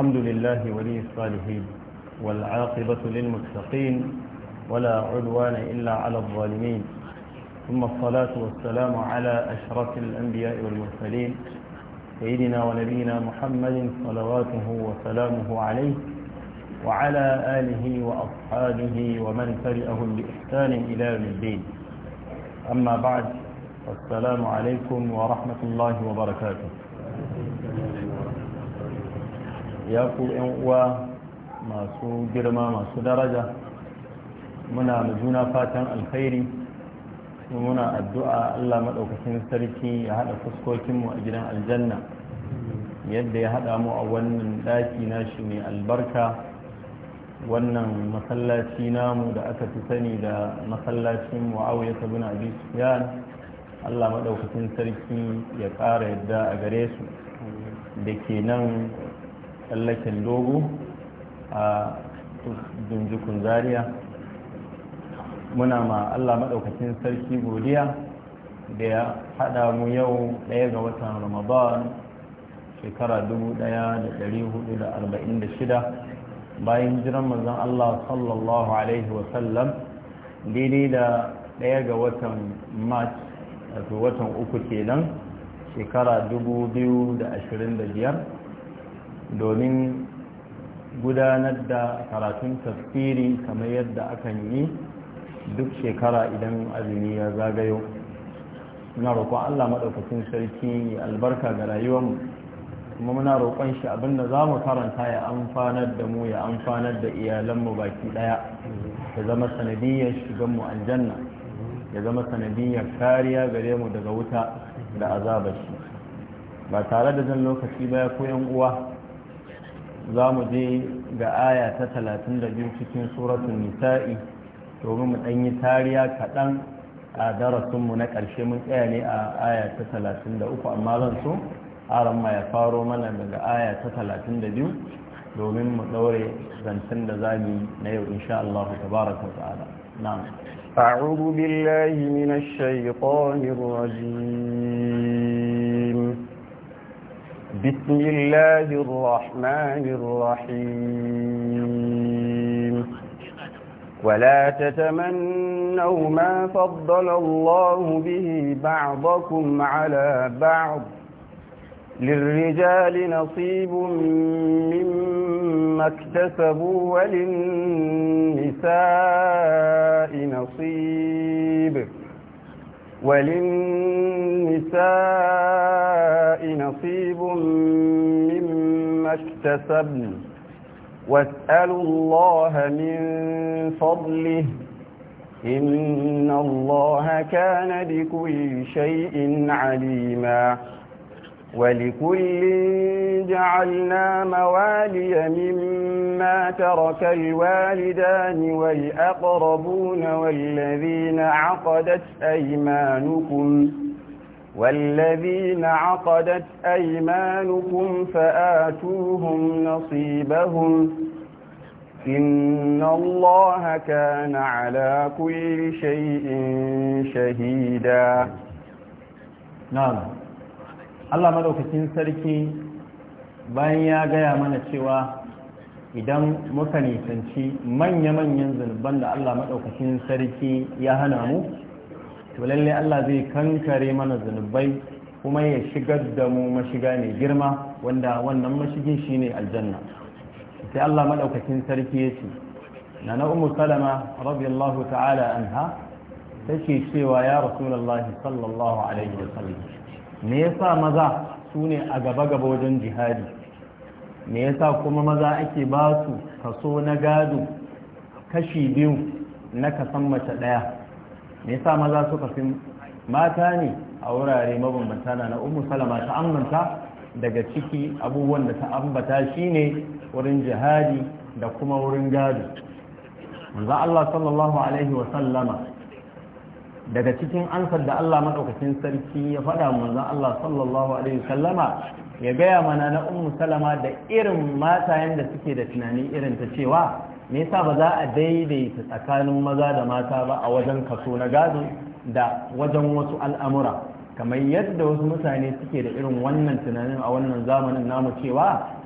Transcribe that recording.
الحمد لله ولي الصالحين والعاقبة للمتقين ولا عدوان إلا على الظالمين ثم الصلاة والسلام على أشرف الأنبياء والمرسلين سيدنا ونبينا محمد صلواته وسلامه عليه وعلى آله وأصحابه ومن تبعهم بإحسان إلى يوم الدين أما بعد السلام عليكم ورحمة الله وبركاته ya ku yan uwa masu girma masu daraja muna juna fatan alkhairi muna addu'a Allah maɗaukacin sarki ya haɗa fuskokinmu a gidan aljanna yadda ya haɗa mu a wannan ɗaki nashi mai albarka wannan masallaci namu da aka fi sani da masallacin mu'awiyar sabina abi sufyan Allah maɗaukacin sarki ya ƙara yadda a gare su da ke nan tsallaken dogo a dunjikun zaria muna ma allah maɗaukacin sarki godiya da ya haɗa mu yau ɗaya ga watan ramadan shekara 1446 bayan jiran manzon allah sallallahu alaihi wasallam daidai da ɗaya ga watan march wato watan uku kenan shekara 2025 domin gudanar da karatun tafsiri kamar yadda akan yi duk shekara idan azumi ya zagayo muna roƙon allah maɗaukacin sarki ya albarka ga rayuwarmu kuma muna roƙon shi abinda za mu karanta ya amfanar da mu ya amfanar da iyalanmu baki ɗaya ya zama sanadiyar shiganmu aljanna ya zama sanadiyar kariya gare mu daga wuta da azabar ba tare da zan lokaci ba ya koyan uwa za mu je ga aya ta 32 cikin suratun nisa'i domin mu ɗan yi tariya kaɗan a darasinmu na ƙarshe mun tsaya ne a aya ta 33 amma zan so aron ma ya faro mana daga aya ta 32 domin mu ɗaure zancen da za mu na yau insha Allah ta baraka ta'ala na'am أعوذ بالله من الشيطان الرجيم بسم الله الرحمن الرحيم ولا تتمنوا ما فضل الله به بعضكم على بعض للرجال نصيب مما اكتسبوا وللنساء نصيب وللنساء للنساء نصيب مما اكتسبن واسألوا الله من فضله إن الله كان بكل شيء عليما ولكل جعلنا موالي مما ترك الوالدان والأقربون والذين عقدت أيمانكم والذين عقدت أيمانكم فآتوهم نصيبهم إن الله كان على كل شيء شهيدا نعم الله مدوكتين سركي bayan ya gaya mana cewa idan muka nisanci manya-manyan zunuban da Allah maɗaukacin sarki ya hana mu to lalle Allah zai kankare mana zunubai kuma ya shigar da mu mashiga mai girma wanda wannan mashigin shine aljanna sai Allah madaukakin sarki ya ce na umu salama radiyallahu ta'ala anha take cewa ya rasulullah sallallahu alaihi wa sallam me yasa maza sune a gaba gaba wajen jihadi me yasa kuma maza ake ba su kaso na gado kashi biyu na kasan mace daya me yasa maza suka fi mata ne a wurare mabambanta na ummu salama ta amanta daga ciki abubuwan da ta ambata shine wurin jihadi da kuma wurin gado manzo Allah sallallahu alaihi wa sallama daga cikin ansar da Allah madaukakin sarki ya faɗa manzo Allah sallallahu alaihi wa sallama ya gaya mana na ummu salama da irin mata yanda suke da tunani irin ta cewa me yasa ba za a daidaita tsakanin maza da mata ba a wajen kaso na gado da wajen wasu al'amura kamar yadda wasu mutane suke da irin wannan tunanin a wannan zamanin namu cewa